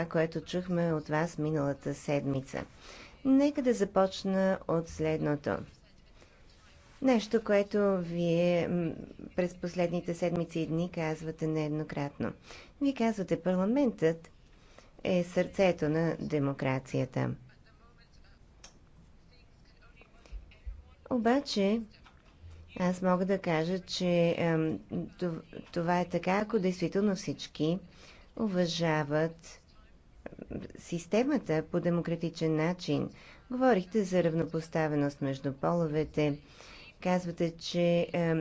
това, което чухме от вас миналата седмица. Нека да започна от следното. Нещо, което вие през последните седмици и дни казвате нееднократно. Вие казвате, парламентът е сърцето на демокрацията. Обаче, аз мога да кажа, че това е така, ако действително всички уважават системата по демократичен начин. Говорихте за равнопоставеност между половете. Казвате, че е,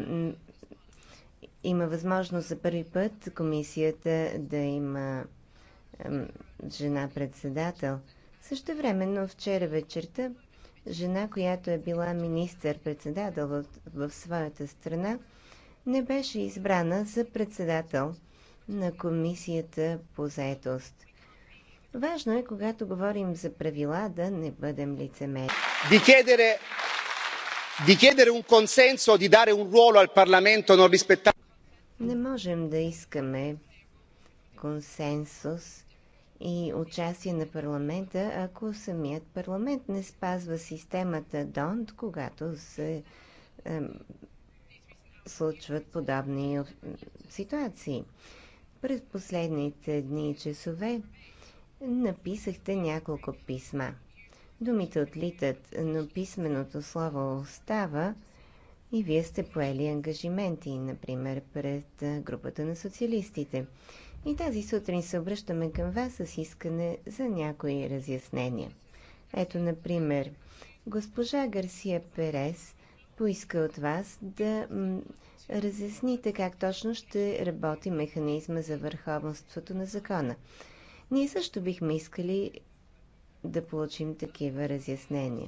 има възможност за първи път комисията да има е, жена председател. Също времено вчера вечерта жена, която е била министър-председател в, в своята страна, не беше избрана за председател на комисията по заетост. Важно е, когато говорим за правила, да не бъдем лицемери. un un ruolo al non Не можем да искаме консенсус и участие на парламента, ако самият парламент не спазва системата ДОНТ, когато се е, случват подобни е, ситуации. През последните дни и часове Написахте няколко писма. Думите отлитат, но писменото слово остава и вие сте поели ангажименти, например пред групата на социалистите. И тази сутрин се обръщаме към вас с искане за някои разяснения. Ето, например, госпожа Гарсия Перес поиска от вас да разясните как точно ще работи механизма за върховенството на закона. Ние също бихме искали да получим такива разяснения.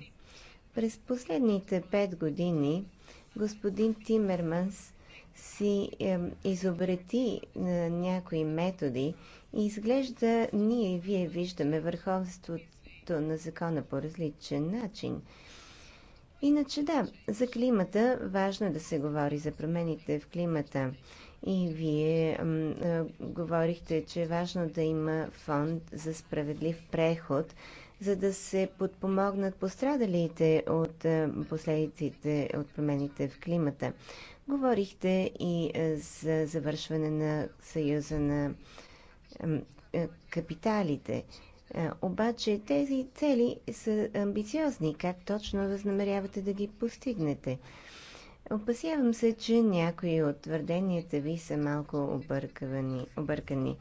През последните пет години господин Тимерманс си е, изобрети е, някои методи и изглежда ние и вие виждаме върховството на закона по различен начин. Иначе да, за климата важно е да се говори за промените в климата. И вие говорихте, че е важно да има фонд за справедлив преход, за да се подпомогнат пострадалите от последиците от промените в климата. Говорихте и за завършване на Съюза на капиталите. Обаче тези цели са амбициозни. Как точно възнамерявате да ги постигнете? Опасявам се, че някои от твърденията ви са малко объркани. объркани.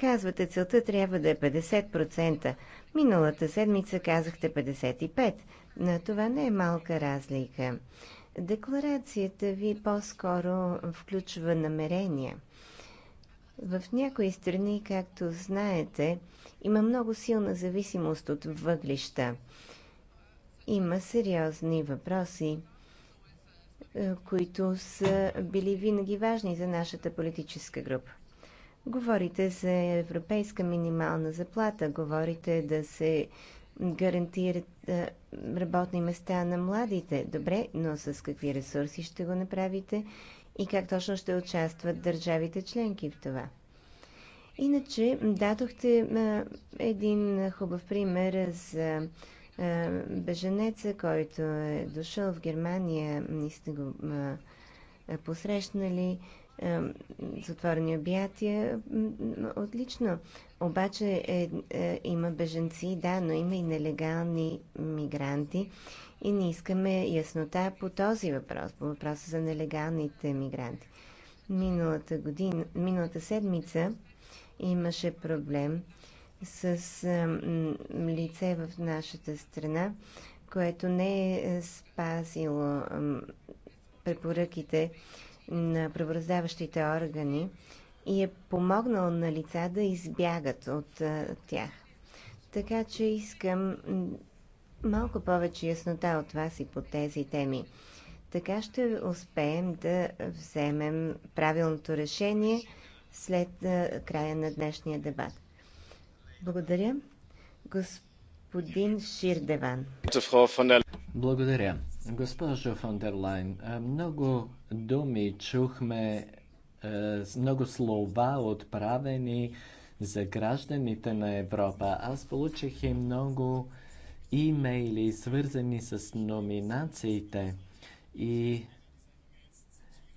Казвате, целта трябва да е 50%. Миналата седмица казахте 55%. На това не е малка разлика. Декларацията ви по-скоро включва намерения. В някои страни, както знаете, има много силна зависимост от въглища. Има сериозни въпроси е, които са били винаги важни за нашата политическа група. Говорите за европейска минимална заплата, говорите да се гарантират е, работни места на младите. Добре, но с какви ресурси ще го направите и как точно ще участват държавите членки в това? Иначе дадохте е, един хубав пример за е, беженеца, който е дошъл в Германия и сте го посрещнали е, с отворени обятия. Отлично. Обаче е, е, има беженци, да, но има и нелегални мигранти. И не искаме яснота по този въпрос, по въпроса за нелегалните мигранти. Миналата, година, миналата седмица имаше проблем с лице в нашата страна, което не е, е спазило препоръките на правораздаващите органи и е помогнал на лица да избягат от тях. Така че искам малко повече яснота от вас и по тези теми. Така ще успеем да вземем правилното решение след края на днешния дебат. Благодаря. Господин Ширдеван. Благодаря. Госпожо фон дер Лайн, много думи чухме, много слова отправени за гражданите на Европа. Аз получих и много имейли, свързани с номинациите. И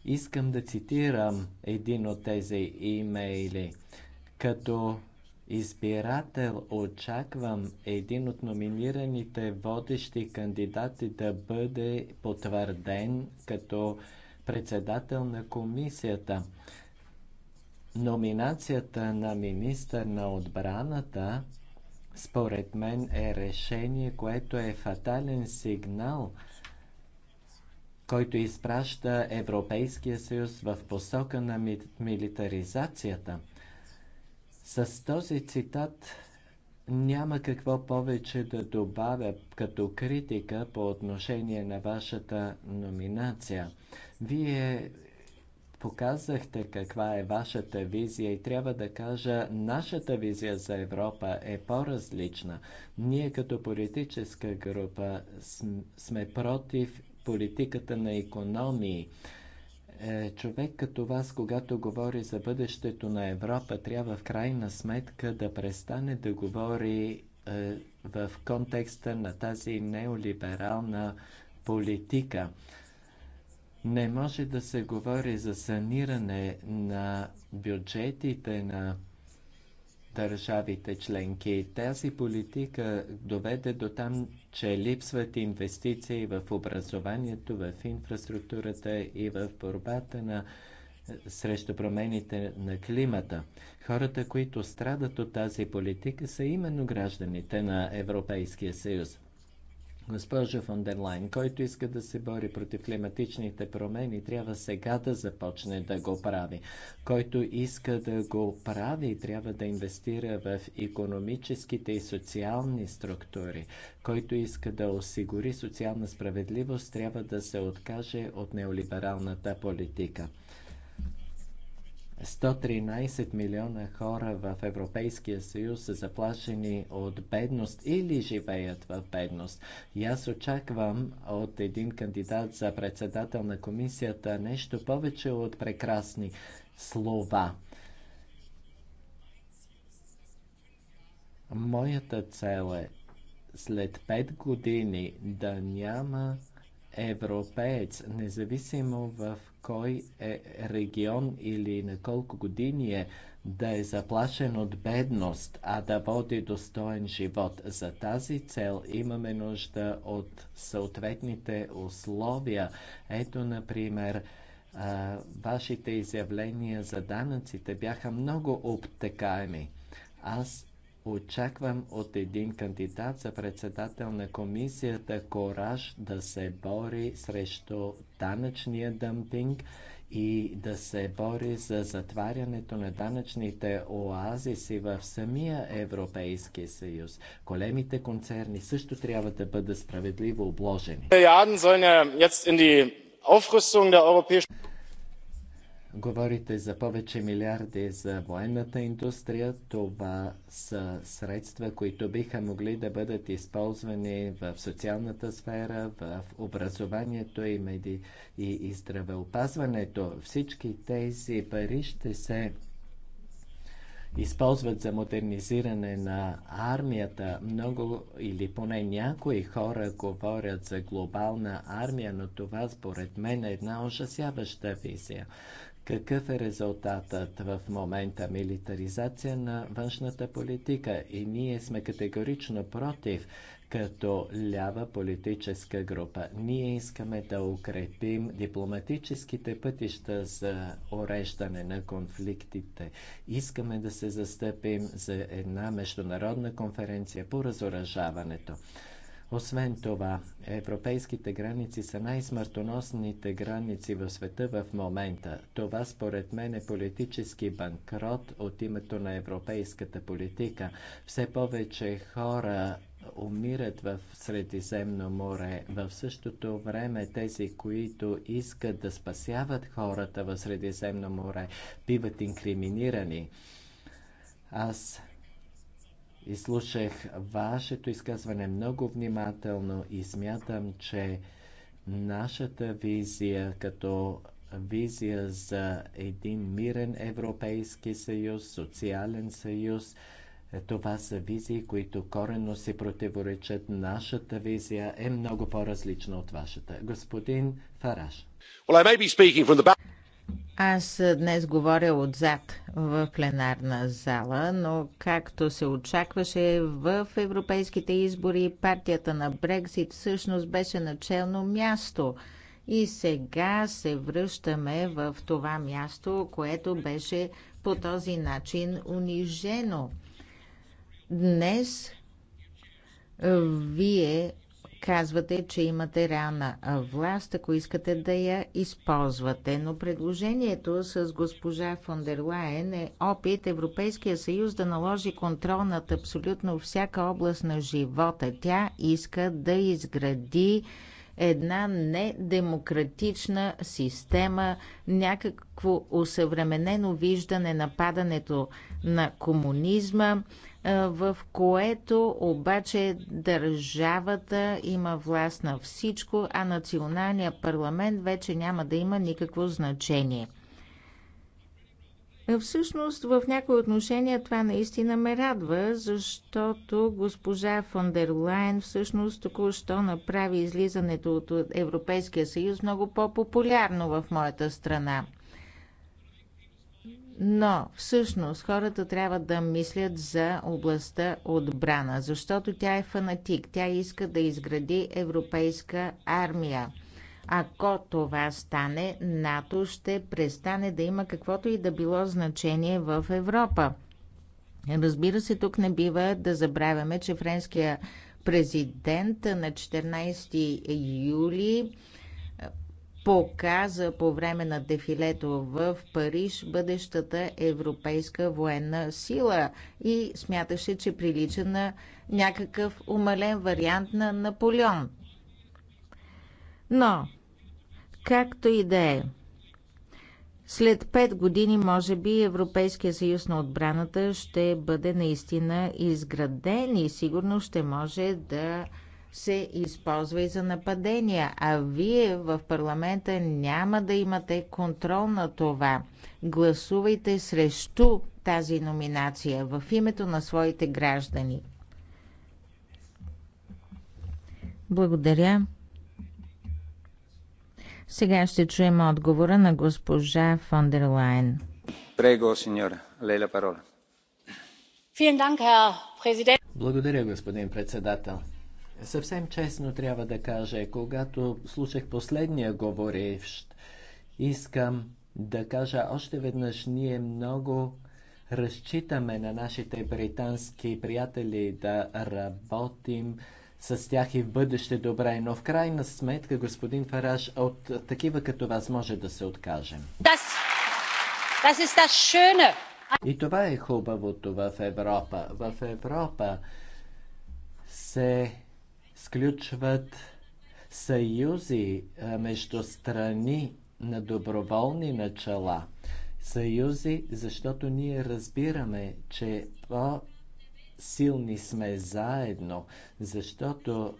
искам да цитирам един от тези имейли. Като избирател очаквам един от номинираните водещи кандидати да бъде потвърден като председател на комисията. Номинацията на министър на отбраната според мен е решение, което е фатален сигнал, който изпраща Европейския съюз в посока на милитаризацията. С този цитат няма какво повече да добавя като критика по отношение на вашата номинация. Вие показахте каква е вашата визия и трябва да кажа, нашата визия за Европа е по-различна. Ние като политическа група сме против политиката на економии. Е, човек като вас, когато говори за бъдещето на Европа, трябва в крайна сметка да престане да говори е, в контекста на тази неолиберална политика. Не може да се говори за саниране на бюджетите на държавите членки. Тази политика доведе до там, че липсват инвестиции в образованието, в инфраструктурата и в борбата на срещу промените на климата. Хората, които страдат от тази политика, са именно гражданите на Европейския съюз. Госпожо фон дер Лайн, който иска да се бори против климатичните промени, трябва сега да започне да го прави. Който иска да го прави, трябва да инвестира в економическите и социални структури. Който иска да осигури социална справедливост, трябва да се откаже от неолибералната политика. 113 милиона хора в Европейския съюз са заплашени от бедност или живеят в бедност. И аз очаквам от един кандидат за председател на комисията нещо повече от прекрасни слова. Моята цел е след 5 години да няма европеец, независимо в кой е регион или на колко години е, да е заплашен от бедност, а да води достоен живот. За тази цел имаме нужда от съответните условия. Ето, например, вашите изявления за данъците бяха много обтекаеми. Аз Очаквам от един кандидат за председател на комисията кораж да се бори срещу данъчния дъмпинг и да се бори за затварянето на данъчните оазиси в самия Европейски съюз. Големите концерни също трябва да бъдат справедливо обложени. Говорите за повече милиарди за военната индустрия. Това са средства, които биха могли да бъдат използвани в социалната сфера, в образованието и, меди... и, и здравеопазването. Всички тези пари ще се използват за модернизиране на армията. Много или поне някои хора говорят за глобална армия, но това според мен е една ужасяваща визия. Какъв е резултатът в момента? Милитаризация на външната политика и ние сме категорично против като лява политическа група. Ние искаме да укрепим дипломатическите пътища за уреждане на конфликтите. Искаме да се застъпим за една международна конференция по разоръжаването. Освен това, европейските граници са най-смъртоносните граници в света в момента. Това според мен е политически банкрот от името на европейската политика. Все повече хора умират в Средиземно море. В същото време тези, които искат да спасяват хората в Средиземно море, биват инкриминирани. Аз Изслушах вашето изказване много внимателно и смятам, че нашата визия като визия за един мирен Европейски съюз, социален съюз, е, това са визии, които коренно си противоречат. Нашата визия е много по-различна от вашата. Господин Фараш. Well, the... Аз днес говоря отзад в пленарна зала, но както се очакваше в европейските избори, партията на Брекзит всъщност беше начално място. И сега се връщаме в това място, което беше по този начин унижено. Днес вие Казвате, че имате реална власт, ако искате да я използвате. Но предложението с госпожа Фон Лайен е опит Европейския съюз да наложи контрол над абсолютно всяка област на живота. Тя иска да изгради една недемократична система, някакво усъвременено виждане на падането на комунизма, в което обаче държавата има власт на всичко, а националният парламент вече няма да има никакво значение. Е, всъщност, в някои отношения това наистина ме радва, защото госпожа фон дер Лайн всъщност току-що направи излизането от Европейския съюз много по-популярно в моята страна. Но всъщност хората трябва да мислят за областта отбрана, защото тя е фанатик. Тя иска да изгради европейска армия. Ако това стане, НАТО ще престане да има каквото и да било значение в Европа. Разбира се, тук не бива да забравяме, че френския президент на 14 юли е, показа по време на дефилето в Париж бъдещата европейска военна сила и смяташе, че прилича на някакъв умален вариант на Наполеон. Но, както и да е, след пет години, може би, Европейския съюз на отбраната ще бъде наистина изграден и сигурно ще може да се използва и за нападения, а вие в парламента няма да имате контрол на това. Гласувайте срещу тази номинация в името на своите граждани. Благодаря. Сега ще чуем отговора на госпожа фон дер Лайн. Прего, сеньора. Лейла парола. Благодаря, господин председател. Съвсем честно трябва да кажа, когато слушах последния говорещ, искам да кажа още веднъж, ние много разчитаме на нашите британски приятели да работим с тях и в бъдеще добре, но в крайна сметка, господин Фараж, от такива като вас може да се откажем. Das, das ist das Schöne. И това е хубавото в Европа. В Европа се сключват съюзи между страни на доброволни начала. Съюзи, защото ние разбираме, че по силни сме заедно, защото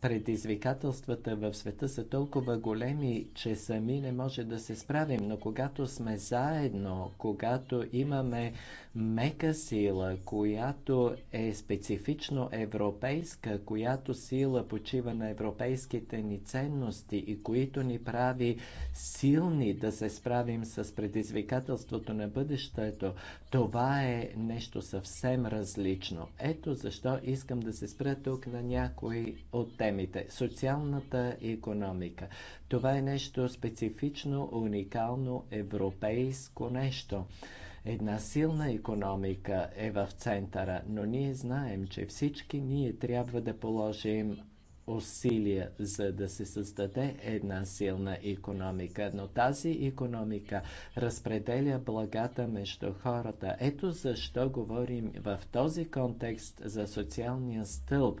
Предизвикателствата в света са толкова големи, че сами не може да се справим, но когато сме заедно, когато имаме мека сила, която е специфично европейска, която сила почива на европейските ни ценности и които ни прави силни да се справим с предизвикателството на бъдещето, това е нещо съвсем различно. Ето защо искам да се спра тук на някои от те проблемите. Социалната економика. Това е нещо специфично, уникално, европейско нещо. Една силна економика е в центъра, но ние знаем, че всички ние трябва да положим усилия, за да се създаде една силна икономика. Но тази икономика разпределя благата между хората. Ето защо говорим в този контекст за социалния стълб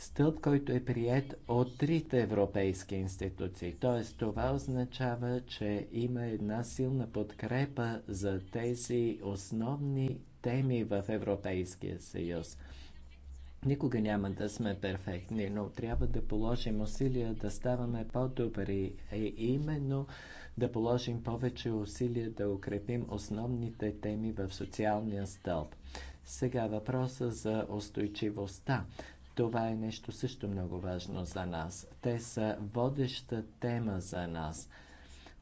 стълб, който е прият от трите европейски институции. Т.е. това означава, че има една силна подкрепа за тези основни теми в Европейския съюз. Никога няма да сме перфектни, но трябва да положим усилия да ставаме по-добри и именно да положим повече усилия да укрепим основните теми в социалния стълб. Сега въпроса за устойчивостта. Това е нещо също много важно за нас. Те са водеща тема за нас.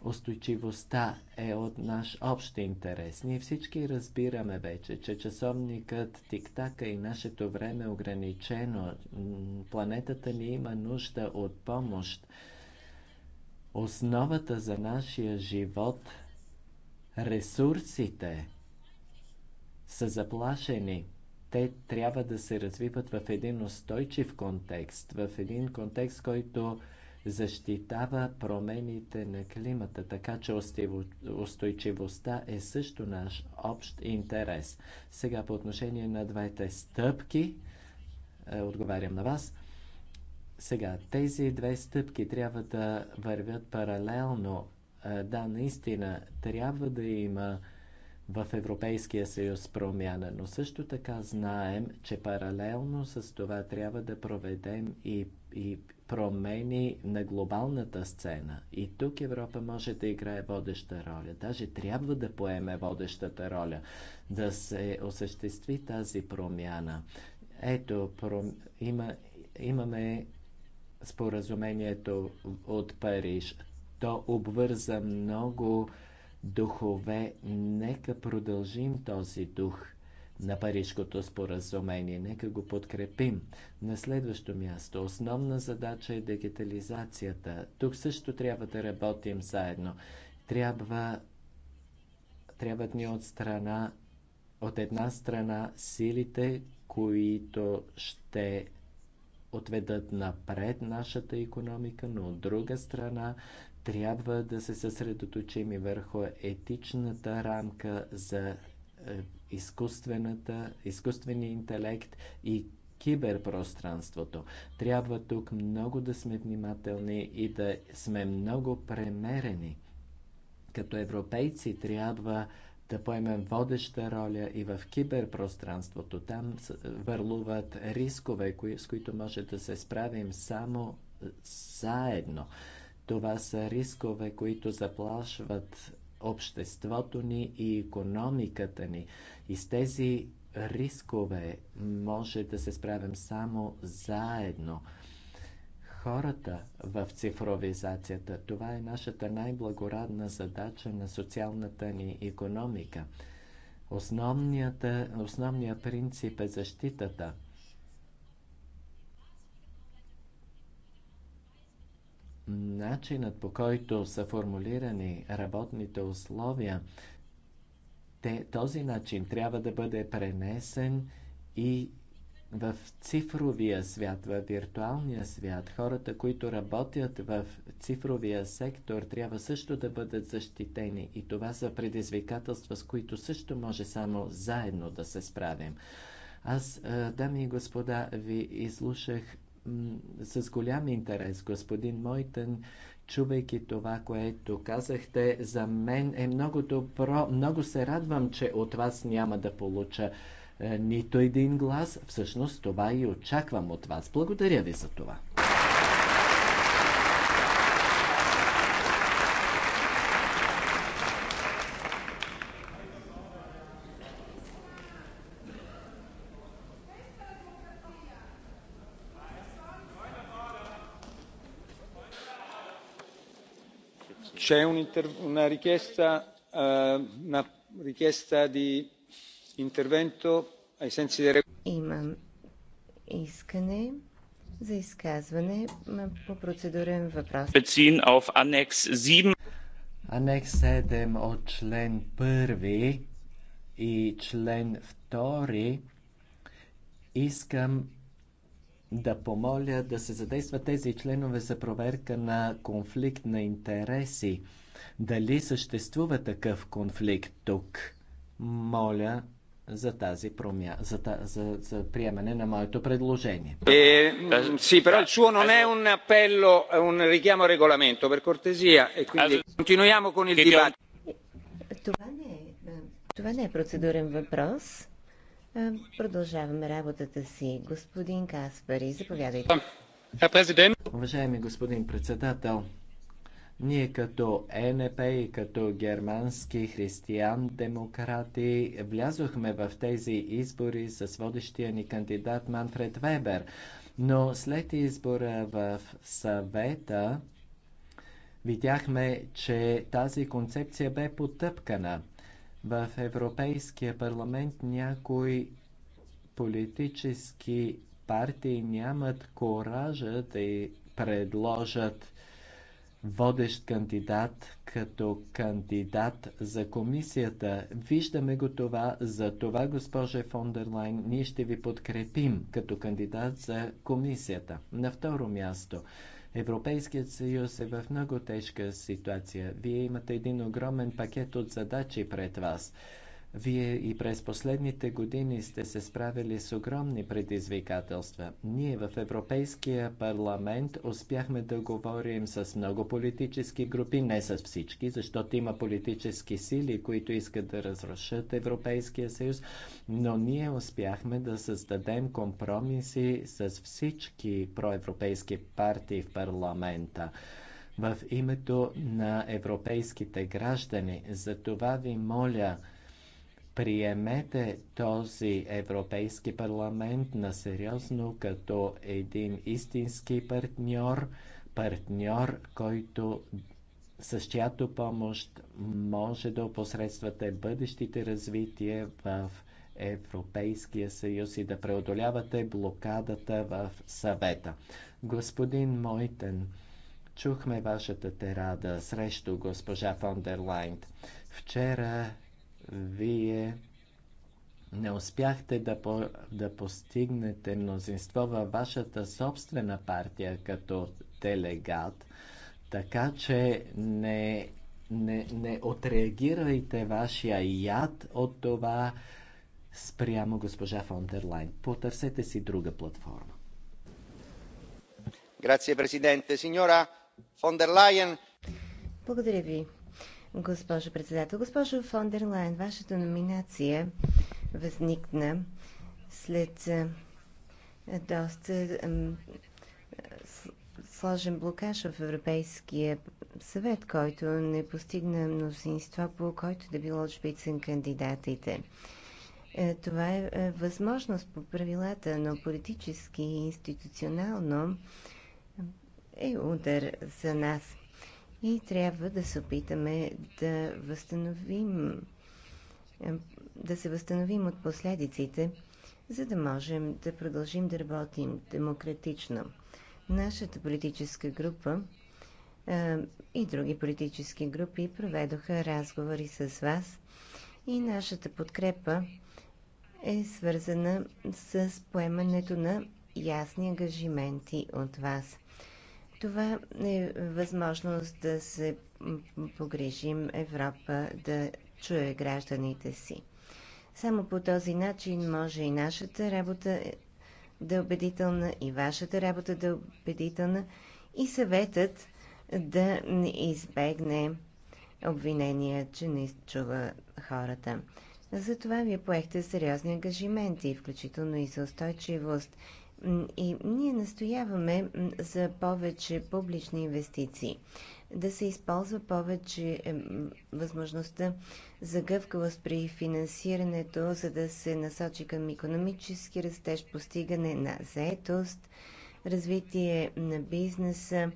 Устойчивостта е от наш общ интерес. Ние всички разбираме вече, че часовникът, тиктака и нашето време е ограничено. Планетата ни има нужда от помощ. Основата за нашия живот, ресурсите, са заплашени те трябва да се развиват в един устойчив контекст, в един контекст, който защитава промените на климата, така че устойчивостта е също наш общ интерес. Сега по отношение на двете стъпки, е, отговарям на вас. Сега, тези две стъпки трябва да вървят паралелно. Е, да, наистина, трябва да има в Европейския съюз промяна, но също така знаем, че паралелно с това трябва да проведем и, и промени на глобалната сцена. И тук Европа може да играе водеща роля, даже трябва да поеме водещата роля, да се осъществи тази промяна. Ето, пром... има, имаме споразумението от Париж. То обвърза много духове, нека продължим този дух на Парижкото споразумение. Нека го подкрепим. На следващо място, основна задача е дигитализацията. Тук също трябва да работим заедно. Трябва, трябват ни от страна, от една страна силите, които ще отведат напред нашата економика, но от друга страна трябва да се съсредоточим и върху етичната рамка за е, изкуствената, изкуствения интелект и киберпространството. Трябва тук много да сме внимателни и да сме много премерени. Като европейци трябва да поемем водеща роля и в киберпространството. Там върлуват рискове, кои, с които може да се справим само е, заедно. Това са рискове, които заплашват обществото ни и економиката ни. И с тези рискове може да се справим само заедно. Хората в цифровизацията, това е нашата най-благородна задача на социалната ни економика. Основният принцип е защитата – начинът по който са формулирани работните условия, те, този начин трябва да бъде пренесен и в цифровия свят, в виртуалния свят. Хората, които работят в цифровия сектор, трябва също да бъдат защитени. И това са предизвикателства, с които също може само заедно да се справим. Аз, е, дами и господа, ви изслушах с голям интерес. Господин Мойтен, чувайки това, което казахте, за мен е много добро. Много се радвам, че от вас няма да получа е, нито един глас. Всъщност това и очаквам от вас. Благодаря ви за това. c'è una richiesta una richiesta di intervento ai sensi del Имам искане за изказване по процедурен въпрос. Beziehen auf Annex 7. Анекс 7 от член 1 и член 2 искам да помоля да се задействат тези членове за проверка на конфликт на интереси. Дали съществува такъв конфликт тук? Моля за тази промя... за, та... за, за приемане на моето предложение. Е, sì, però il suo non è un appello, un richiamo regolamento, per cortesia, e quindi continuiamo con il dibattito. Е, това не е, е, това не е процедурен въпрос. Е, продължаваме работата си. Господин Каспари, заповядайте. Е, Уважаеми господин председател, ние като ЕНП и като германски християн-демократи влязохме в тези избори с водещия ни кандидат Манфред Вебер. Но след избора в съвета видяхме, че тази концепция бе потъпкана – в Европейския парламент някои политически партии нямат коража да предложат водещ кандидат като кандидат за комисията. Виждаме го това, за това, госпожа фон дер Лайн, ние ще ви подкрепим като кандидат за комисията. На второ място, Европейският съюз е в много тежка ситуация. Вие имате един огромен пакет от задачи пред вас. Вие и през последните години сте се справили с огромни предизвикателства. Ние в Европейския парламент успяхме да говорим с много политически групи, не с всички, защото има политически сили, които искат да разрушат Европейския съюз, но ние успяхме да създадем компромиси с всички проевропейски партии в парламента в името на европейските граждани. За това ви моля, приемете този Европейски парламент на сериозно като един истински партньор, партньор, който с чиято помощ може да опосредствате бъдещите развитие в Европейския съюз и да преодолявате блокадата в съвета. Господин Мойтен, чухме вашата терада срещу госпожа фон Вчера вие не успяхте да, по, да постигнете мнозинство във вашата собствена партия като делегат, така че не, не, не отреагирайте вашия яд от това спрямо госпожа фон Потърсете си друга платформа. Грация, президенте. Синьора Фондерлайн. Благодаря ви, госпожо председател. Госпожо Фондерлайн, вашата номинация възникна след доста сложен блокаж в Европейския съвет, който не постигна мнозинство, по който да било отшпицен кандидатите. Е, това е, е възможност по правилата, но политически и институционално е удар за нас и трябва да се опитаме да възстановим да се възстановим от последиците, за да можем да продължим да работим демократично. Нашата политическа група е, и други политически групи проведоха разговори с вас и нашата подкрепа е свързана с поемането на ясни ангажименти от вас – това е възможност да се погрижим Европа да чуе гражданите си. Само по този начин може и нашата работа да е убедителна, и вашата работа да е убедителна, и съветът да не избегне обвинения, че не чува хората. Затова вие поехте сериозни ангажименти, включително и за устойчивост и ние настояваме за повече публични инвестиции, да се използва повече възможността за гъвкавост при финансирането, за да се насочи към економически растеж, постигане на заетост, развитие на бизнеса,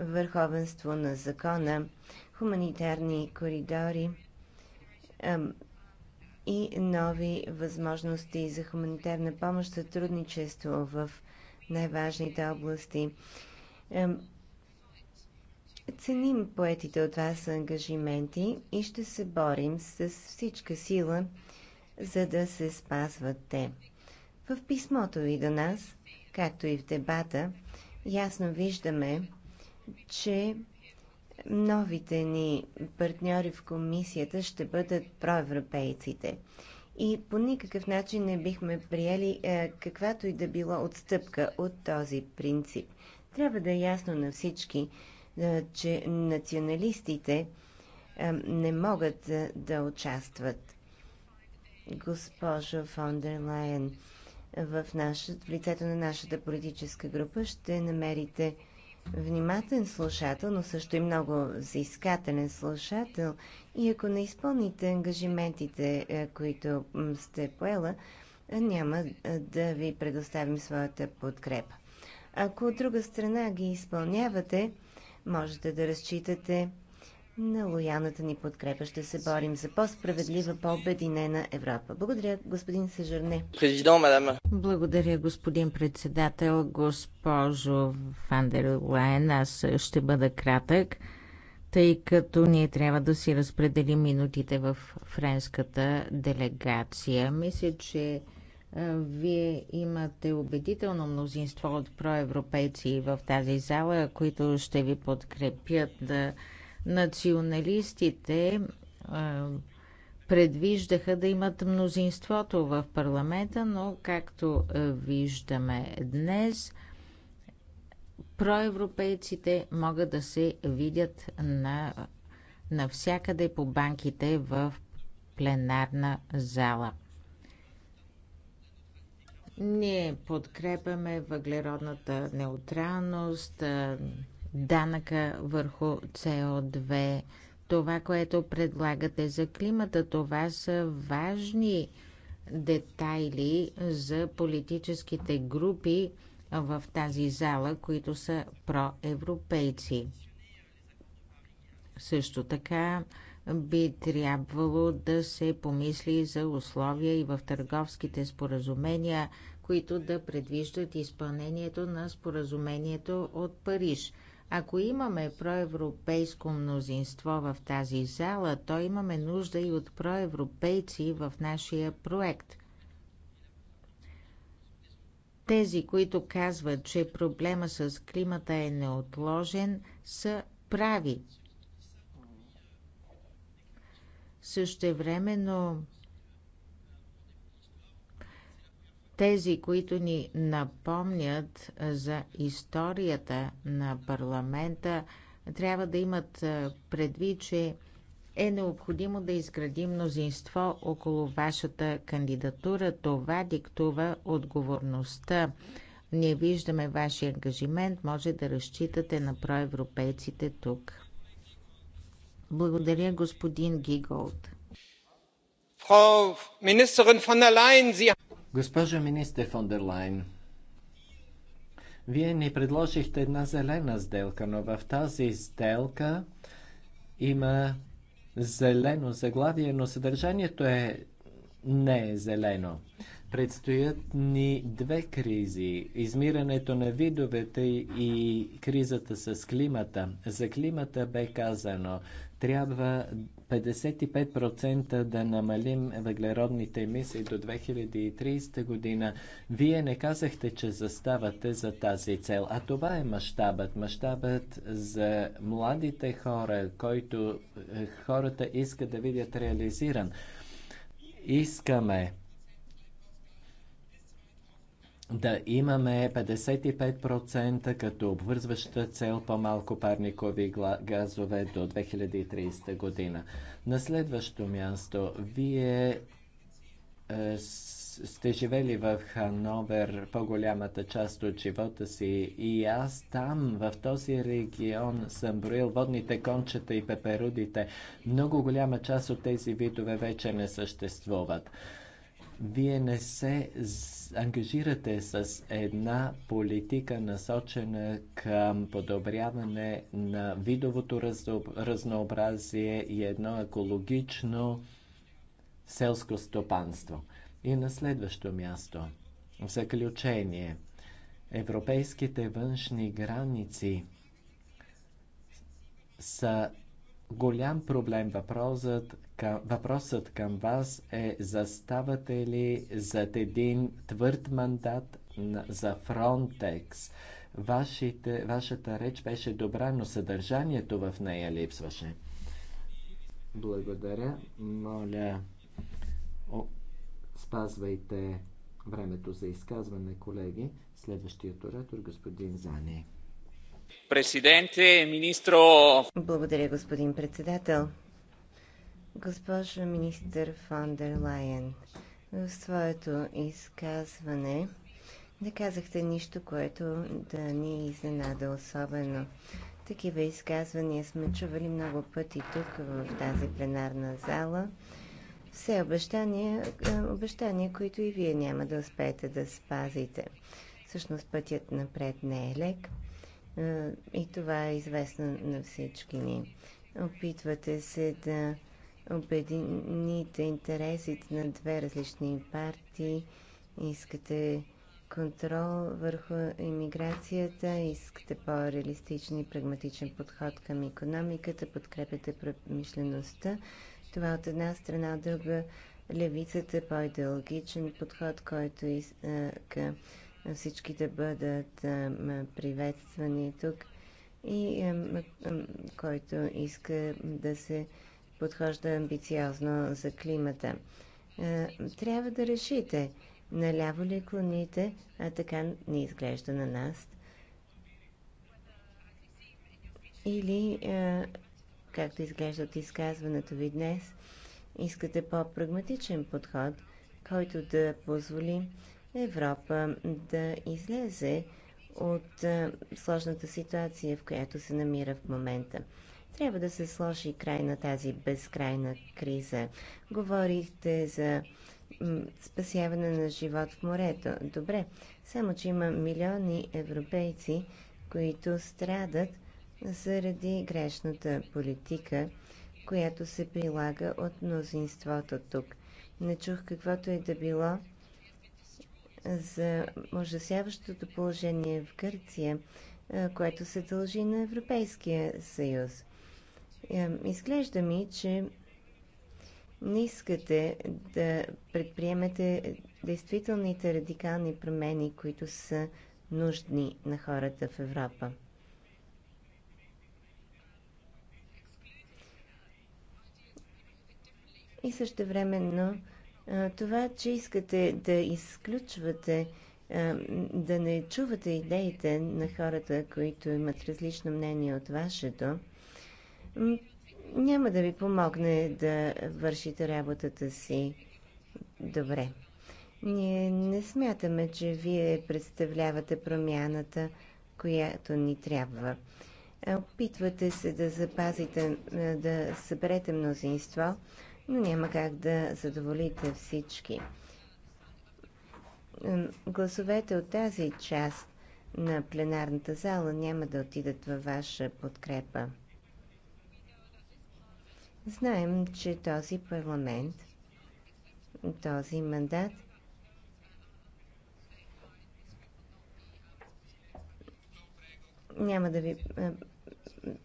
върховенство на закона, хуманитарни коридори, и нови възможности за хуманитарна помощ, сътрудничество в най-важните области. Ценим поетите от вас ангажименти и ще се борим с всичка сила, за да се спазват те. В писмото ви до нас, както и в дебата, ясно виждаме, че новите ни партньори в комисията ще бъдат проевропейците. И по никакъв начин не бихме приели е, каквато и да било отстъпка от този принцип. Трябва да е ясно на всички, е, че националистите е, не могат е, да участват. Госпожо фон дер Лайен, в, наша, в лицето на нашата политическа група ще намерите внимателен слушател, но също и много заискателен слушател. И ако не изпълните ангажиментите, е, които сте поела, е, няма е, да ви предоставим своята подкрепа. Ако от друга страна ги изпълнявате, можете да разчитате на лоялната ни подкрепа. Ще се борим за по-справедлива, по-обединена Европа. Благодаря, господин Сежерне. Благодаря, господин председател, госпожо Фандер Лайен. Аз ще бъда кратък, тъй като ние трябва да си разпределим минутите в френската делегация. Мисля, че вие имате убедително мнозинство от проевропейци в тази зала, които ще ви подкрепят да Националистите е, предвиждаха да имат мнозинството в парламента, но както е, виждаме днес, проевропейците могат да се видят на, навсякъде по банките в пленарна зала. Ние подкрепяме въглеродната неутралност, е, данъка върху CO2, това, което предлагате за климата, това са важни детайли за политическите групи в тази зала, които са проевропейци. Също така би трябвало да се помисли за условия и в търговските споразумения, които да предвиждат изпълнението на споразумението от Париж – ако имаме проевропейско мнозинство в тази зала, то имаме нужда и от проевропейци в нашия проект. Тези, които казват, че проблема с климата е неотложен, са прави. Същевременно тези, които ни напомнят за историята на парламента, трябва да имат предвид, че е необходимо да изградим мнозинство около вашата кандидатура. Това диктува отговорността. Не виждаме вашия ангажимент. Може да разчитате на проевропейците тук. Благодаря, господин Гиголд. Frau Ministerin von Госпожо министър Фондерлайн, вие ни предложихте една зелена сделка, но в тази сделка има зелено заглавие, но съдържанието е не е зелено. Предстоят ни две кризи измирането на видовете и кризата с климата. За климата бе казано, трябва 55% да намалим въглеродните емисии до 2030 година. Вие не казахте, че заставате за тази цел, а това е мащабът. Мащабът за младите хора, който е, хората искат да видят реализиран. Искаме да имаме 55% като обвързваща цел по-малко парникови газове до 2030 година. На следващо място, вие е, сте живели в Хановер по-голямата част от живота си и аз там, в този регион, съм броил водните кончета и пеперудите. Много голяма част от тези видове вече не съществуват. Вие не се ангажирате с една политика насочена към подобряване на видовото разнообразие и едно екологично селско стопанство. И на следващо място, в заключение, европейските външни граници са голям проблем въпросът Въпросът към вас е заставате ли зад един твърд мандат за Фронтекс? Вашите, вашата реч беше добра, но съдържанието в нея липсваше. Благодаря. Моля, О, спазвайте времето за изказване, колеги. Следващият оратор, господин Зани. Президенте, министро... Благодаря, господин председател. Госпожо министър фон дер Лайен, в своето изказване не казахте нищо, което да ни изненада особено. Такива изказвания сме чували много пъти тук, в тази пленарна зала. Все обещания, е, обещания, които и вие няма да успеете да спазите. Всъщност пътят напред не е лек е, и това е известно на всички ни. Опитвате се да обедините интересите на две различни партии, искате контрол върху иммиграцията, искате по-реалистичен и прагматичен подход към економиката, подкрепяте промишлеността. Това от една страна, от друга левицата е по-идеологичен подход, който иска всички да бъдат приветствани тук и който иска да се подхожда амбициозно за климата. Е, трябва да решите, наляво ли клоните, а така не изглежда на нас. Или, е, както изглежда от изказването ви днес, искате по-прагматичен подход, който да позволи Европа да излезе от е, сложната ситуация, в която се намира в момента. Трябва да се сложи край на тази безкрайна криза. Говорихте за спасяване на живот в морето. Добре, само че има милиони европейци, които страдат заради грешната политика, която се прилага от мнозинството тук. Не чух каквото е да било за ужасяващото положение в Гърция, което се дължи на Европейския съюз. Изглежда ми, че не искате да предприемете действителните радикални промени, които са нужни на хората в Европа. И също времено това, че искате да изключвате, да не чувате идеите на хората, които имат различно мнение от вашето, няма да ви помогне да вършите работата си добре. Ние не смятаме, че вие представлявате промяната, която ни трябва. Е, опитвате се да запазите, е, да съберете мнозинство, но няма как да задоволите всички. Е, гласовете от тази част на пленарната зала няма да отидат във ваша подкрепа. Знаем, че този парламент, този мандат няма да ви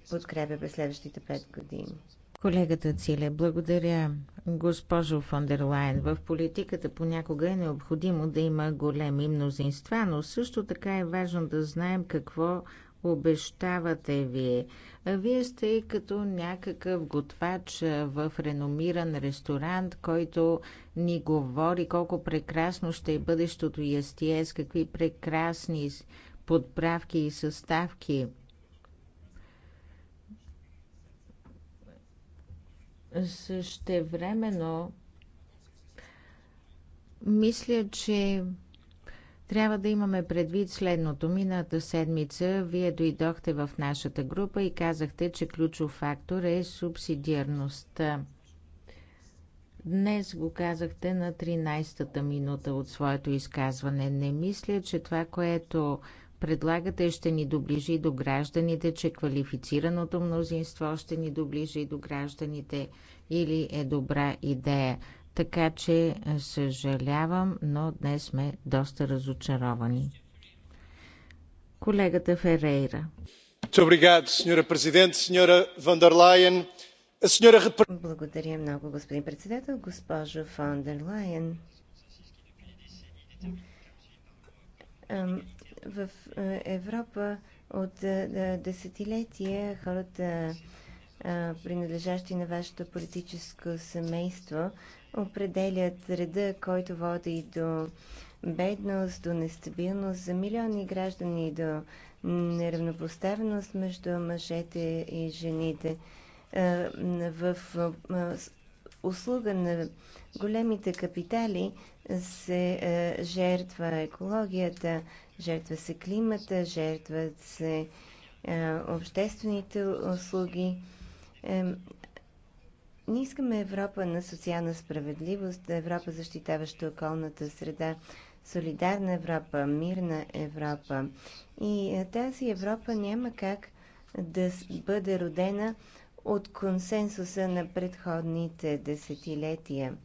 подкрепя през следващите пет години. Колегата Циле, благодаря. Госпожо Фондерлайн, в политиката понякога е необходимо да има големи мнозинства, но също така е важно да знаем какво обещавате вие. Вие сте като някакъв готвач в реномиран ресторант, който ни говори колко прекрасно ще е бъдещото ястие, с какви прекрасни подправки и съставки. Същевременно, мисля, че трябва да имаме предвид следното. Миналата седмица вие дойдохте в нашата група и казахте, че ключов фактор е субсидиарността. Днес го казахте на 13-та минута от своето изказване. Не мисля, че това, което предлагате, ще ни доближи до гражданите, че квалифицираното мнозинство ще ни доближи до гражданите или е добра идея. Така че е, съжалявам, но днес сме доста разочаровани. Колегата Ферейра. Благодаря много, господин председател. Госпожо фон дер Лайен, в е, Европа от е, десетилетия хората, принадлежащи на вашето политическо семейство, определят реда, който води до бедност, до нестабилност за милиони граждани, до неравнопоставеност между мъжете и жените. Е, в е, услуга на големите капитали се е, жертва екологията, жертва се климата, жертват се обществените услуги ние искаме Европа на социална справедливост, Европа защитаваща околната среда, солидарна Европа, мирна Европа. И е, тази Европа няма как да бъде родена от консенсуса на предходните десетилетия.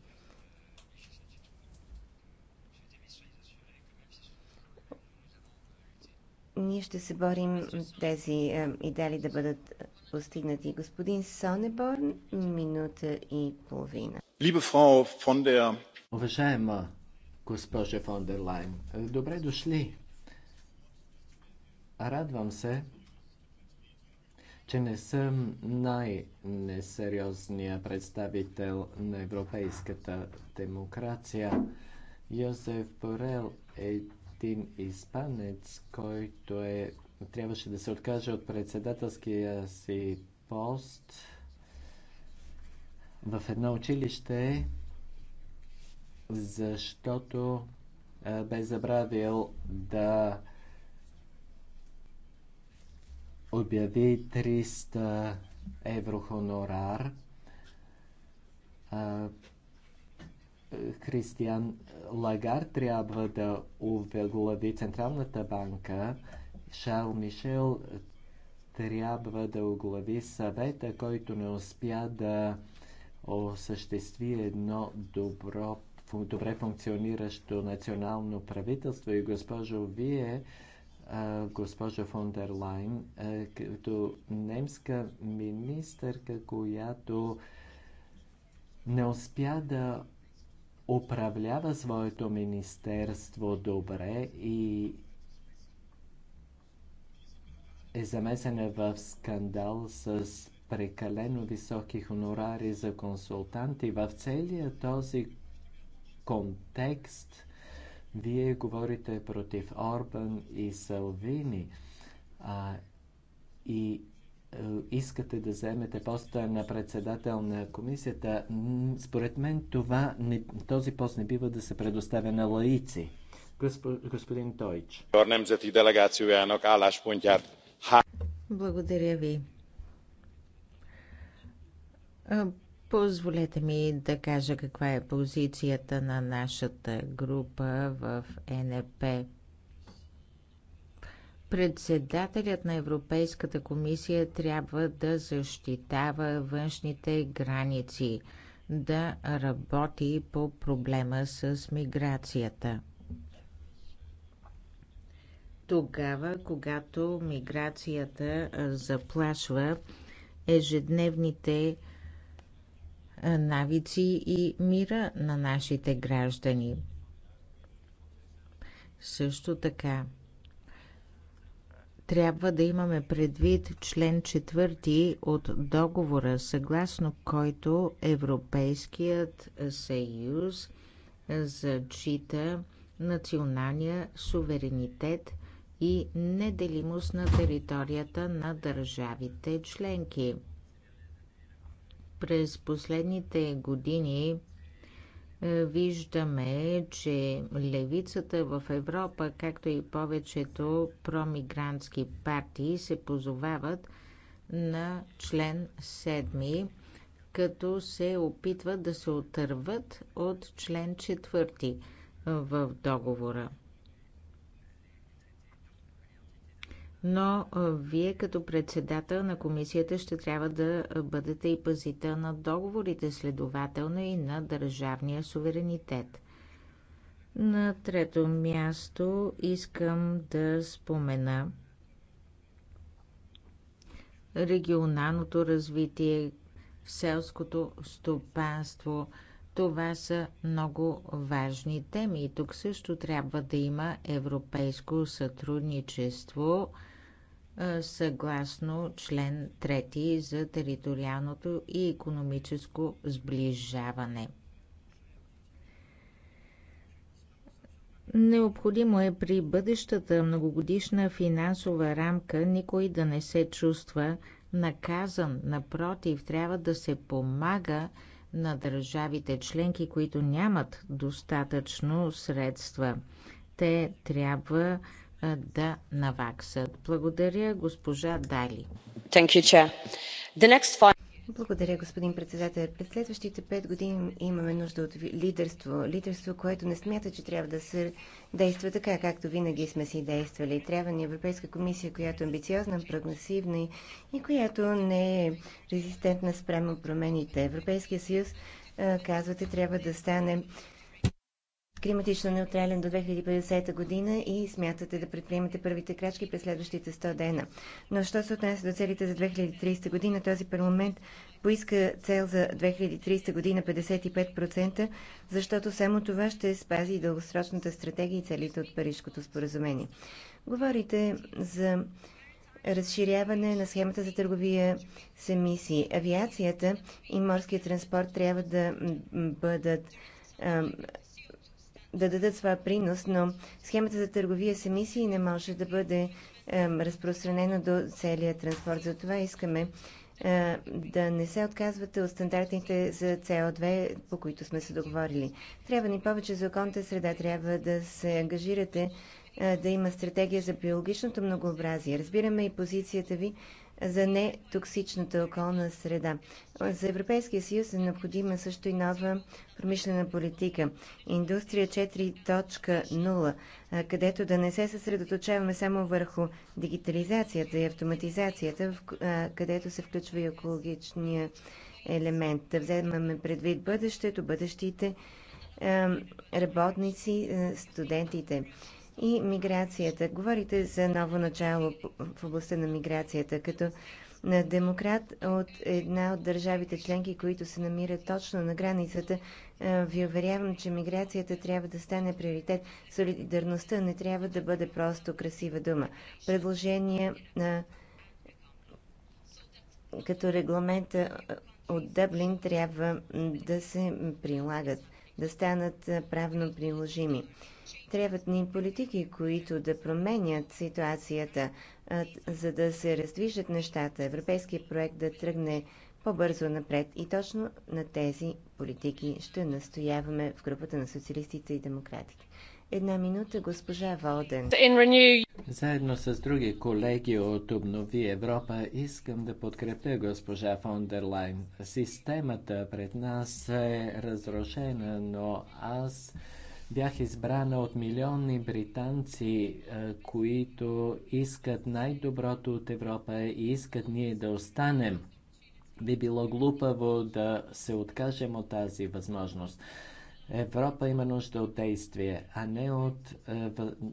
Ние ще се борим тези е, идеали да бъдат е, постигнати. Господин Сонеборн, минута и половина. Либе фрау фон дер... Уважаема госпожа фон дер Лайн, добре дошли. Радвам се, че не съм най-несериозният представител на европейската демокрация. Йозеф Борел е един испанец, който е трябваше да се откаже от председателския си пост в едно училище, защото бе забравил да обяви 300 евро хонорар. Кристиан Лагар трябва да оглави Централната банка Шарл Мишел е, трябва да оглави съвета, който не успя да осъществи едно добро, добре функциониращо национално правителство. И госпожо, вие, е, госпожо фон дер Лайн, е, като немска министърка, която не успя да управлява своето министерство добре и е замесена в скандал с прекалено високи хонорари за консултанти. В целия този контекст вие говорите против Орбан и Салвини а, и е, искате да вземете поста на председател на комисията. Според мен това не, този пост не бива да се предоставя на лаици. господин Тойч. Благодаря ви. Позволете ми да кажа каква е позицията на нашата група в НЕП. Председателят на Европейската комисия трябва да защитава външните граници, да работи по проблема с миграцията тогава, когато миграцията заплашва ежедневните навици и мира на нашите граждани. Също така, трябва да имаме предвид член 4 от договора, съгласно който Европейският съюз зачита националния суверенитет – и неделимост на територията на държавите членки. През последните години е, виждаме, че левицата в Европа, както и повечето промигрантски партии, се позовават на член 7, като се опитват да се отърват от член 4 в договора. но вие като председател на комисията ще трябва да бъдете и пазител на договорите, следователно и на държавния суверенитет. На трето място искам да спомена регионалното развитие, селското стопанство. Това са много важни теми и тук също трябва да има европейско сътрудничество – съгласно член 3 за териториалното и економическо сближаване. Необходимо е при бъдещата многогодишна финансова рамка никой да не се чувства наказан. Напротив, трябва да се помага на държавите членки, които нямат достатъчно средства. Те трябва да наваксат. Благодаря, госпожа Дали. You, next... Благодаря, господин председател. През следващите пет години имаме нужда от лидерство. Лидерство, което не смята, че трябва да се действа така, както винаги сме си действали. Трябва ни Европейска комисия, която е амбициозна, прогресивна и, и която не е резистентна спрямо промените. Европейския съюз, казвате, трябва да стане климатично неутрален до 2050 година и смятате да предприемете първите крачки през следващите 100 дена. Но що се отнася до целите за 2030 година, този парламент поиска цел за 2030 година 55%, защото само това ще спази и дългосрочната стратегия и целите от Парижското споразумение. Говорите за разширяване на схемата за търговия с емисии. Авиацията и морския транспорт трябва да бъдат да дадат своя принос, но схемата за търговия с емисии не може да бъде разпространена до целия транспорт. Затова искаме е, да не се отказвате от стандартите за CO2, по които сме се договорили. Трябва ни повече за околната среда, трябва да се ангажирате е, да има стратегия за биологичното многообразие. Разбираме и позицията ви за нетоксичната околна среда. За Европейския съюз е необходима също и нова промишлена политика. Индустрия 4.0, където да не се съсредоточаваме само върху дигитализацията и автоматизацията, където се включва и екологичния елемент. Да вземаме предвид бъдещето, бъдещите работници, студентите и миграцията. Говорите за ново начало в областта на миграцията, като на демократ от една от държавите членки, които се намират точно на границата, ви уверявам, че миграцията трябва да стане приоритет. Солидарността не трябва да бъде просто красива дума. Предложение на като регламента от Дъблин трябва да се прилагат да станат правно приложими. Трябват ни политики, които да променят ситуацията, за да се раздвижат нещата, европейския проект да тръгне по-бързо напред. И точно на тези политики ще настояваме в групата на социалистите и демократите. Една минута, госпожа Волден. Заедно с други колеги от Обнови Европа искам да подкрепя госпожа фон Системата пред нас е разрушена, но аз бях избрана от милиони британци, е, които искат най-доброто от Европа и искат ние да останем. Би било глупаво да се откажем от тази възможност. Европа има нужда от действие, а не от, е,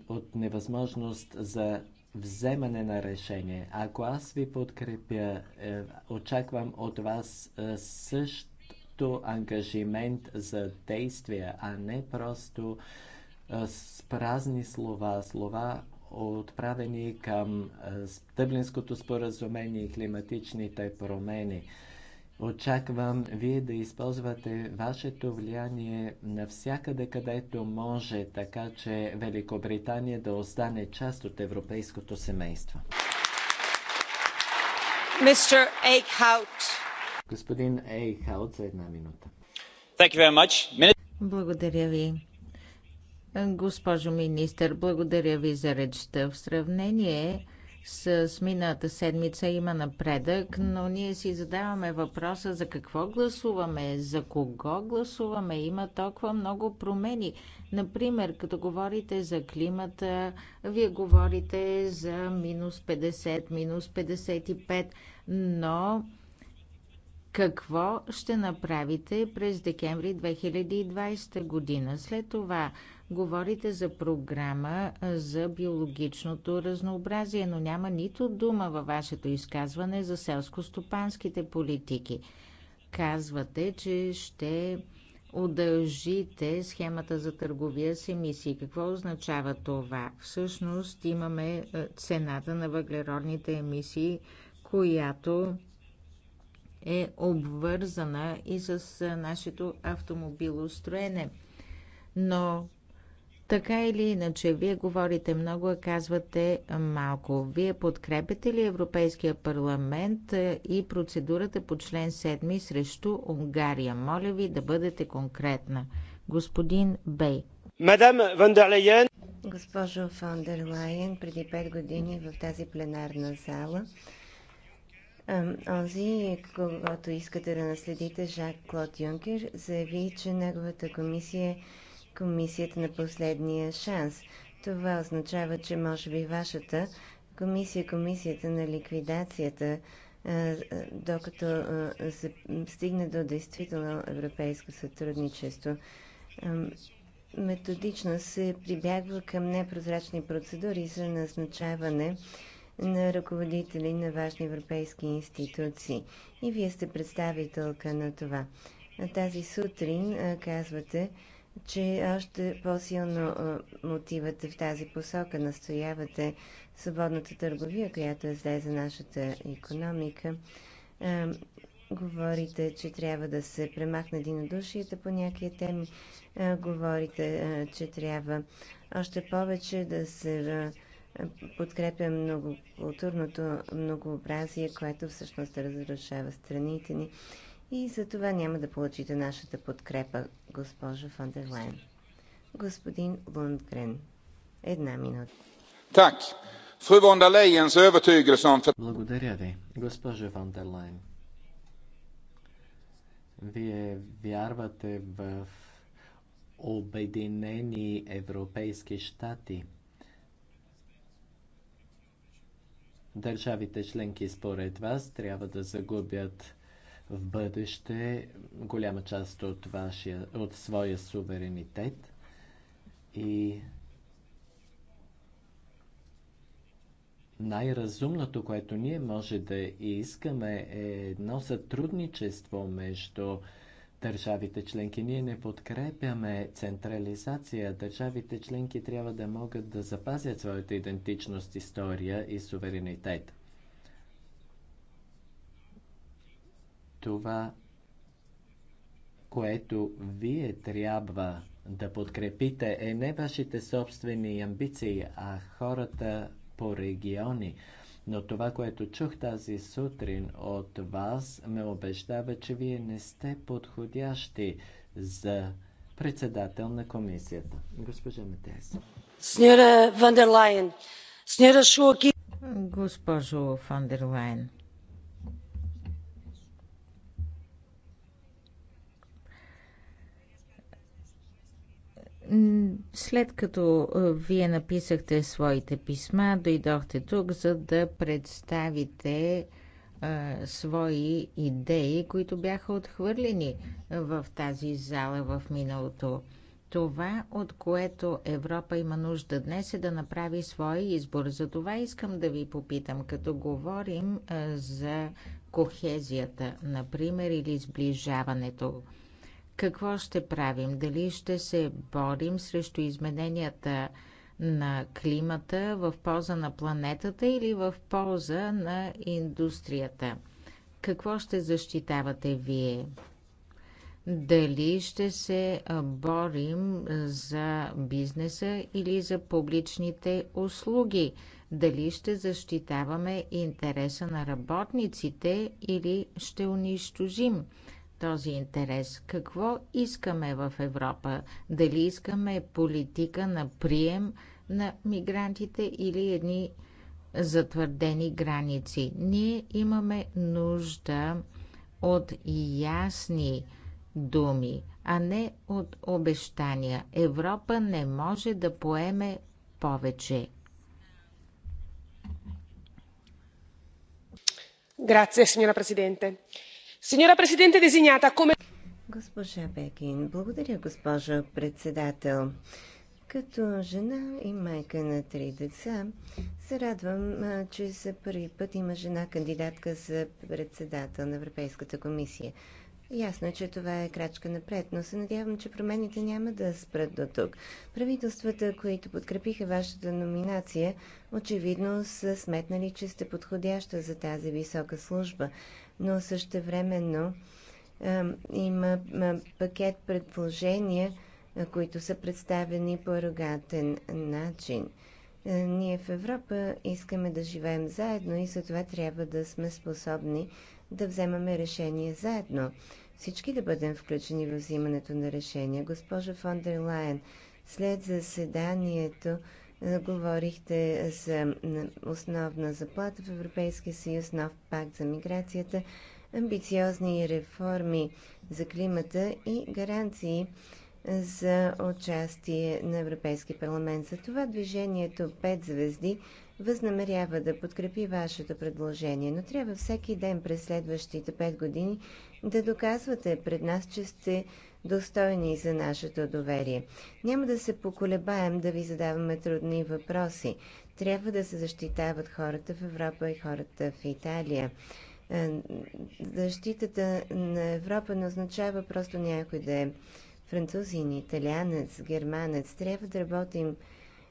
от невъзможност за вземане на решение. Ако аз ви подкрепя, е, очаквам от вас е, също ангажимент за действие, а не просто с празни слова, слова отправени към Тъблинското споразумение и климатичните промени. Очаквам вие да използвате вашето влияние навсякъде, където може, така че Великобритания да остане част от европейското семейство. Господин Ейхаут за една минута. Благодаря ви. Госпожо министър, благодаря ви за речта. В сравнение с миналата седмица има напредък, но ние си задаваме въпроса за какво гласуваме, за кого гласуваме. Има толкова много промени. Например, като говорите за климата, вие говорите за минус 50, минус 55, но какво ще направите през декември 2020 година? След това Говорите за програма за биологичното разнообразие, но няма нито дума във вашето изказване за селско-стопанските политики. Казвате, че ще удължите схемата за търговия с емисии. Какво означава това? Всъщност имаме цената на въглеродните емисии, която е обвързана и с нашето автомобилостроене. Но така или иначе, вие говорите много, а казвате малко. Вие подкрепяте ли Европейския парламент е, и процедурата по член 7 срещу Унгария? Моля ви да бъдете конкретна. Господин Бей. Мадам Вандерлайен. Госпожо Фондерлайен, преди 5 години в тази пленарна зала Онзи, когато искате да наследите Жак Клод Юнкер, заяви, че неговата комисия е комисията на последния шанс. Това означава, че може би вашата комисия, комисията на ликвидацията, докато се стигне до действително европейско сътрудничество, методично се прибягва към непрозрачни процедури за назначаване на ръководители на важни европейски институции. И вие сте представителка на това. Тази сутрин казвате, че още по-силно отивате в тази посока, настоявате свободната търговия, която е зле за нашата економика. А, говорите, че трябва да се премахне единодушията по някакви теми. А, говорите, а, че трябва още повече да се подкрепя многокултурното многообразие, което всъщност разрушава страните ни и за това няма да получите нашата подкрепа, госпожо Фандерлайн. Господин Лундгрен, една минута. Так. Фру von der Благодаря ви, госпожо Ван Вие вярвате в Обединени европейски щати. Държавите членки според вас трябва да загубят в бъдеще голяма част от, вашия, от своя суверенитет и най-разумното, което ние може да искаме е едно сътрудничество между държавите членки. Ние не подкрепяме централизация. Държавите членки трябва да могат да запазят своята идентичност, история и суверенитет. това, което вие трябва да подкрепите е не вашите собствени амбиции, а хората по региони. Но това, което чух тази сутрин от вас, ме убеждава, че вие не сте подходящи за председател на комисията. Госпожа Метес. Снира Вандерлайн. Снира Шуаки. Госпожо Вандерлайн. След като вие написахте своите писма, дойдохте тук, за да представите а, свои идеи, които бяха отхвърлени в тази зала в миналото. Това, от което Европа има нужда днес е да направи своя избор. За това искам да ви попитам, като говорим а, за кохезията, например, или сближаването. Какво ще правим? Дали ще се борим срещу измененията на климата в полза на планетата или в полза на индустрията? Какво ще защитавате вие? дали ще се борим за бизнеса или за публичните услуги, дали ще защитаваме интереса на работниците или ще унищожим този интерес. Какво искаме в Европа? Дали искаме политика на прием на мигрантите или едни затвърдени граници? Ние имаме нужда от ясни думи, а не от обещания. Европа не може да поеме повече. Grazie, signora Presidente Сеньора Presidente дезинята, коме... Госпожа Бекин, благодаря, госпожа председател. Като жена и майка на три деца, се радвам, че за първи път има жена кандидатка за председател на Европейската комисия. Ясно е, че това е крачка напред, но се надявам, че промените няма да спрат до тук. Правителствата, които подкрепиха вашата номинация, очевидно са сметнали, че сте подходяща за тази висока служба но същевременно има пакет предположения, които са представени по рогатен начин. Ние в Европа искаме да живеем заедно и за това трябва да сме способни да вземаме решение заедно. Всички да бъдем включени в взимането на решения. Госпожа фон дер Лайен, след заседанието Говорихте за основна заплата в Европейския съюз, нов пакт за миграцията, амбициозни реформи за климата и гаранции за участие на Европейски парламент. За това движението 5 звезди възнамерява да подкрепи вашето предложение, но трябва всеки ден през следващите 5 години да доказвате пред нас, че сте достойни за нашето доверие. Няма да се поколебаем да ви задаваме трудни въпроси. Трябва да се защитават хората в Европа и хората в Италия. Е, защитата на Европа не означава просто някой да е французин, италианец, германец. Трябва да работим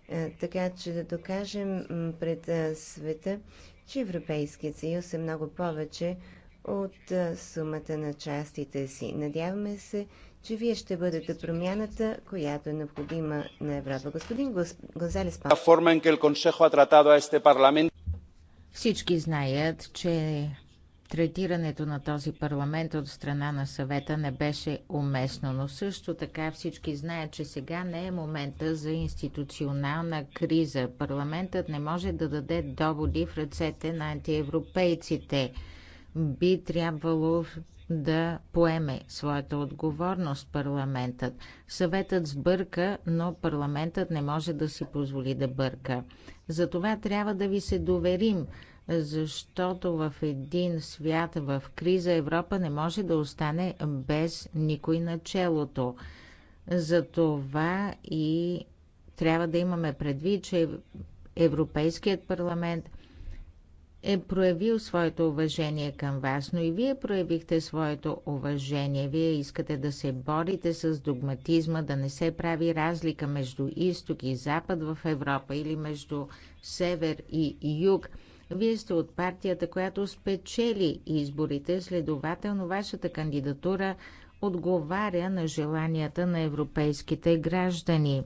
е, така, че да докажем пред е, света, че Европейският съюз е много повече от сумата на частите си. Надяваме се, че вие ще бъдете промяната, която е необходима на Европа. Господин Гонзалес парламент. Всички знаят, че третирането на този парламент от страна на съвета не беше уместно, но също така всички знаят, че сега не е момента за институционална криза. Парламентът не може да даде доводи в ръцете на антиевропейците би трябвало да поеме своята отговорност парламентът. Съветът сбърка, но парламентът не може да си позволи да бърка. Затова трябва да ви се доверим, защото в един свят в криза Европа не може да остане без никой на челото. Затова и трябва да имаме предвид, че Европейският парламент е проявил своето уважение към вас, но и вие проявихте своето уважение. Вие искате да се борите с догматизма, да не се прави разлика между изток и запад в Европа или между север и юг. Вие сте от партията, която спечели изборите, следователно вашата кандидатура отговаря на желанията на европейските граждани.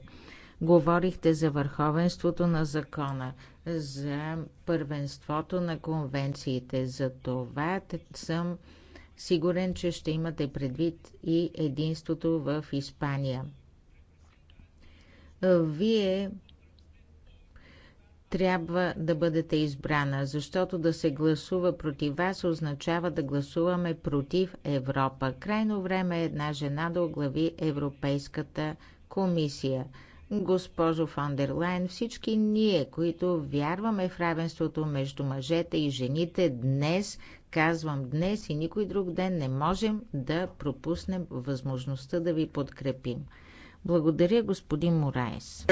Говорихте за върховенството на закона, за първенството на конвенциите. За това съм сигурен, че ще имате предвид и единството в Испания. Вие трябва да бъдете избрана, защото да се гласува против вас означава да гласуваме против Европа. Крайно време е една жена да оглави Европейската комисия. Госпожо Лайн, всички ние, които вярваме в равенството между мъжете и жените днес, казвам днес и никой друг ден не можем да пропуснем възможността да ви подкрепим. Благодаря, господин Мораес.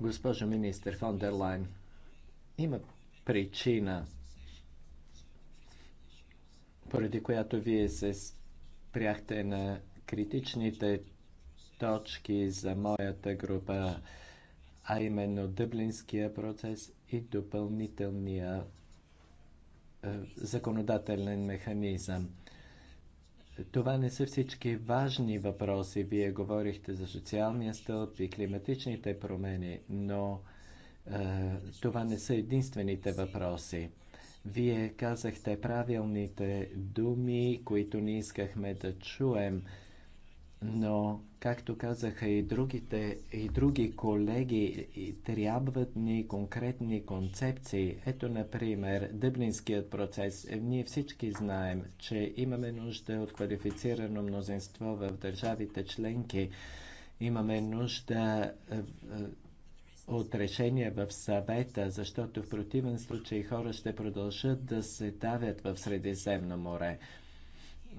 Госпожо министр Лайн, има причина, поради която вие се спряхте на критичните точки за моята група, а именно Дъблинския процес и допълнителния е, законодателен механизъм. Това не са всички важни въпроси. Вие говорихте за социалния стълб и климатичните промени, но е, това не са единствените въпроси. Вие казахте правилните думи, които не искахме да чуем – но както казаха и, другите, и други колеги, и трябват ни конкретни концепции. Ето, например, Дъблинският процес. Е, ние всички знаем, че имаме нужда от квалифицирано мнозинство в държавите членки. Имаме нужда е, е, от решение в съвета, защото в противен случай хора ще продължат да се давят в Средиземно море.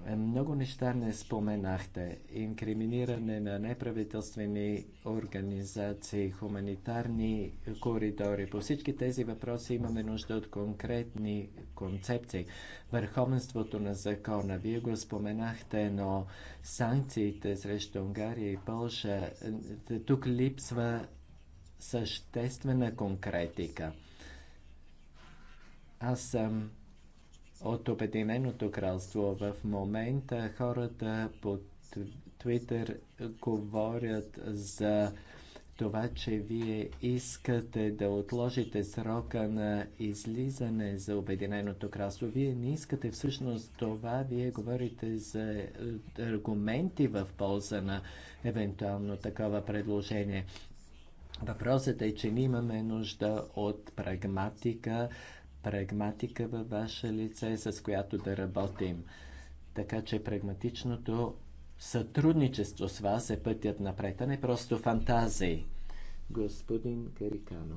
Е, много неща не споменахте. Инкриминиране на неправителствени организации, хуманитарни коридори. По всички тези въпроси имаме нужда от конкретни концепции. Върховенството на закона, вие го споменахте, но санкциите срещу Унгария и Пълша, е, тук липсва съществена конкретика. Аз съм от Обединеното кралство. В момента хората по Твитър говорят за това, че вие искате да отложите срока на излизане за Обединеното кралство. Вие не искате всъщност това. Вие говорите за е, аргументи в полза на евентуално такова предложение. Въпросът е, че ние имаме нужда от прагматика, прагматика във ваше лице, с която да работим. Така че прагматичното сътрудничество с вас е пътят напред, а не просто фантазии. Господин Карикано.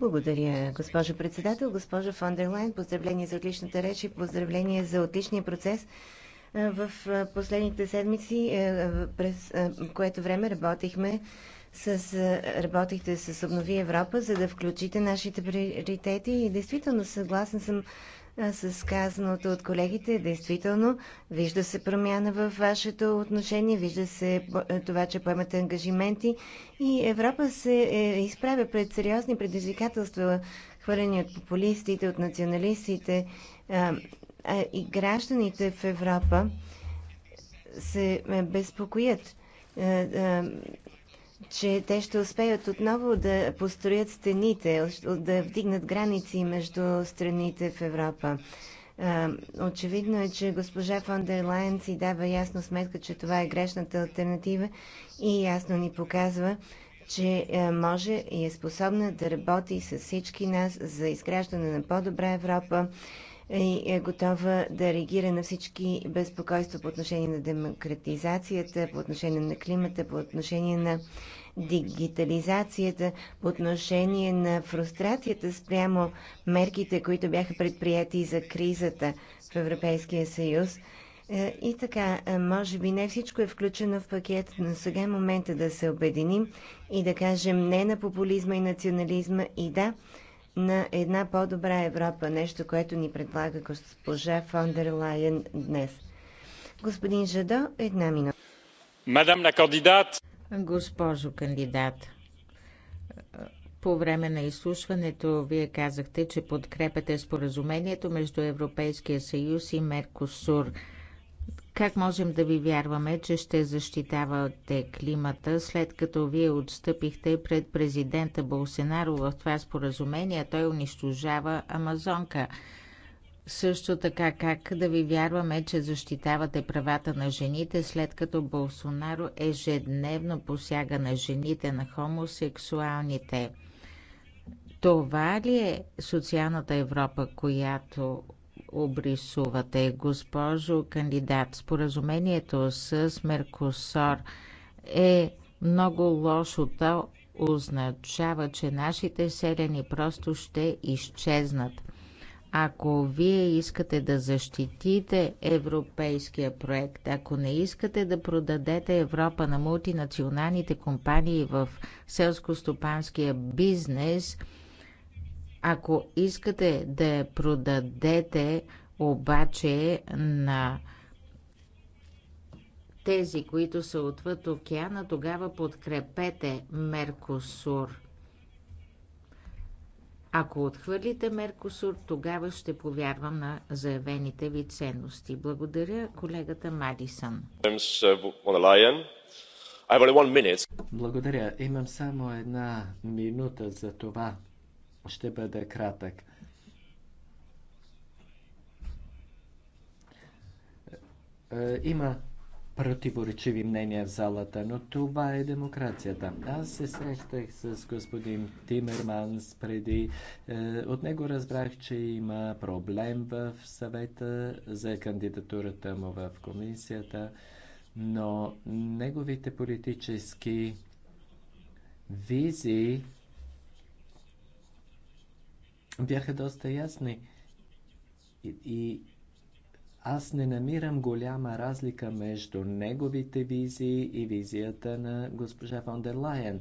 Благодаря, госпожо председател. Госпожо фон дер Лайн, поздравление за отличната реч и поздравление за отличния процес. В последните седмици, през което време работихме с, работихте с Обнови Европа, за да включите нашите приоритети и действително съгласен съм с казаното от колегите. Действително, вижда се промяна в вашето отношение, вижда се това, че поемате ангажименти и Европа се е, изправя пред сериозни предизвикателства, хвърлени от популистите, от националистите а и гражданите в Европа се е, безпокоят е, че те ще успеят отново да построят стените, да вдигнат граници между страните в Европа. Очевидно е, че госпожа фон дер Лайн си дава ясно сметка, че това е грешната альтернатива и ясно ни показва, че може и е способна да работи с всички нас за изграждане на по-добра Европа и е готова да реагира на всички безпокойства по отношение на демократизацията, по отношение на климата, по отношение на дигитализацията, по отношение на фрустрацията спрямо мерките, които бяха предприяти за кризата в Европейския съюз. Е, и така, е, може би не всичко е включено в пакет, но сега е момента да се обединим и да кажем не на популизма и национализма и да на една по-добра Европа, нещо, което ни предлага госпожа фон дер Лайен днес. Господин Жадо, една минута. Мадам на кандидат. Госпожо кандидат, по време на изслушването вие казахте, че подкрепяте споразумението между Европейския съюз и Меркосур – как можем да ви вярваме, че ще защитавате климата, след като вие отстъпихте пред президента Болсенаро в това споразумение, той унищожава Амазонка? Също така, как да ви вярваме, че защитавате правата на жените, след като Болсонаро ежедневно посяга на жените, на хомосексуалните? Това ли е социалната Европа, която обрисувате. Госпожо кандидат, споразумението с Меркосор е много лошо. То означава, че нашите селени просто ще изчезнат. Ако вие искате да защитите европейския проект, ако не искате да продадете Европа на мултинационалните компании в селско-стопанския бизнес – ако искате да я продадете обаче на тези, които са отвъд океана, тогава подкрепете Меркосур. Ако отхвърлите Меркосур, тогава ще повярвам на заявените ви ценности. Благодаря колегата Мадисън. Uh, Благодаря. Имам само една минута за това ще бъде кратък. Е, има противоречиви мнения в залата, но това е демокрацията. Аз се срещах с господин Тимерманс преди. Е, от него разбрах, че има проблем в съвета за кандидатурата му в комисията, но неговите политически визии бяха доста ясни. И, и аз не намирам голяма разлика между неговите визии и визията на госпожа фон дер Лайен.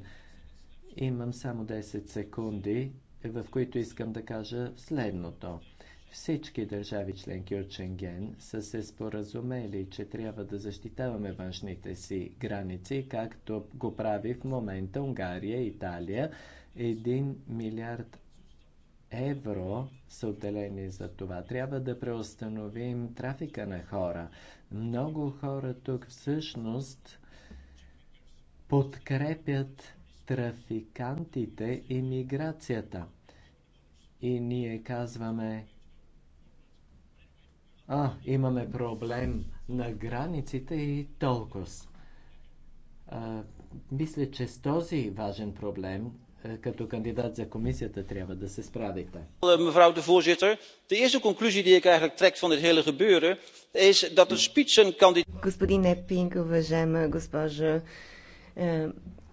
Имам само 10 секунди, в които искам да кажа следното. Всички държави членки от Шенген са се споразумели, че трябва да защитаваме външните си граници, както го прави в момента Унгария, Италия. 1 милиард евро са отделени за това. Трябва да преустановим трафика на хора. Много хора тук всъщност подкрепят трафикантите и миграцията. И ние казваме, а, имаме проблем на границите и толкова. мисля, че с този важен проблем като кандидат за комисията трябва да се справите. Mevrouw de voorzitter, de eerste conclusie die ik eigenlijk trek van dit hele gebeuren is dat de spitsenkandidaat... Господин Епинг, уважаема госпожо